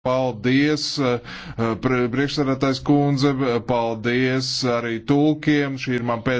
Paldies, eh, eh, priekšsarātais kundze, paldies arī tulkiem. Šī ir man pēdējā.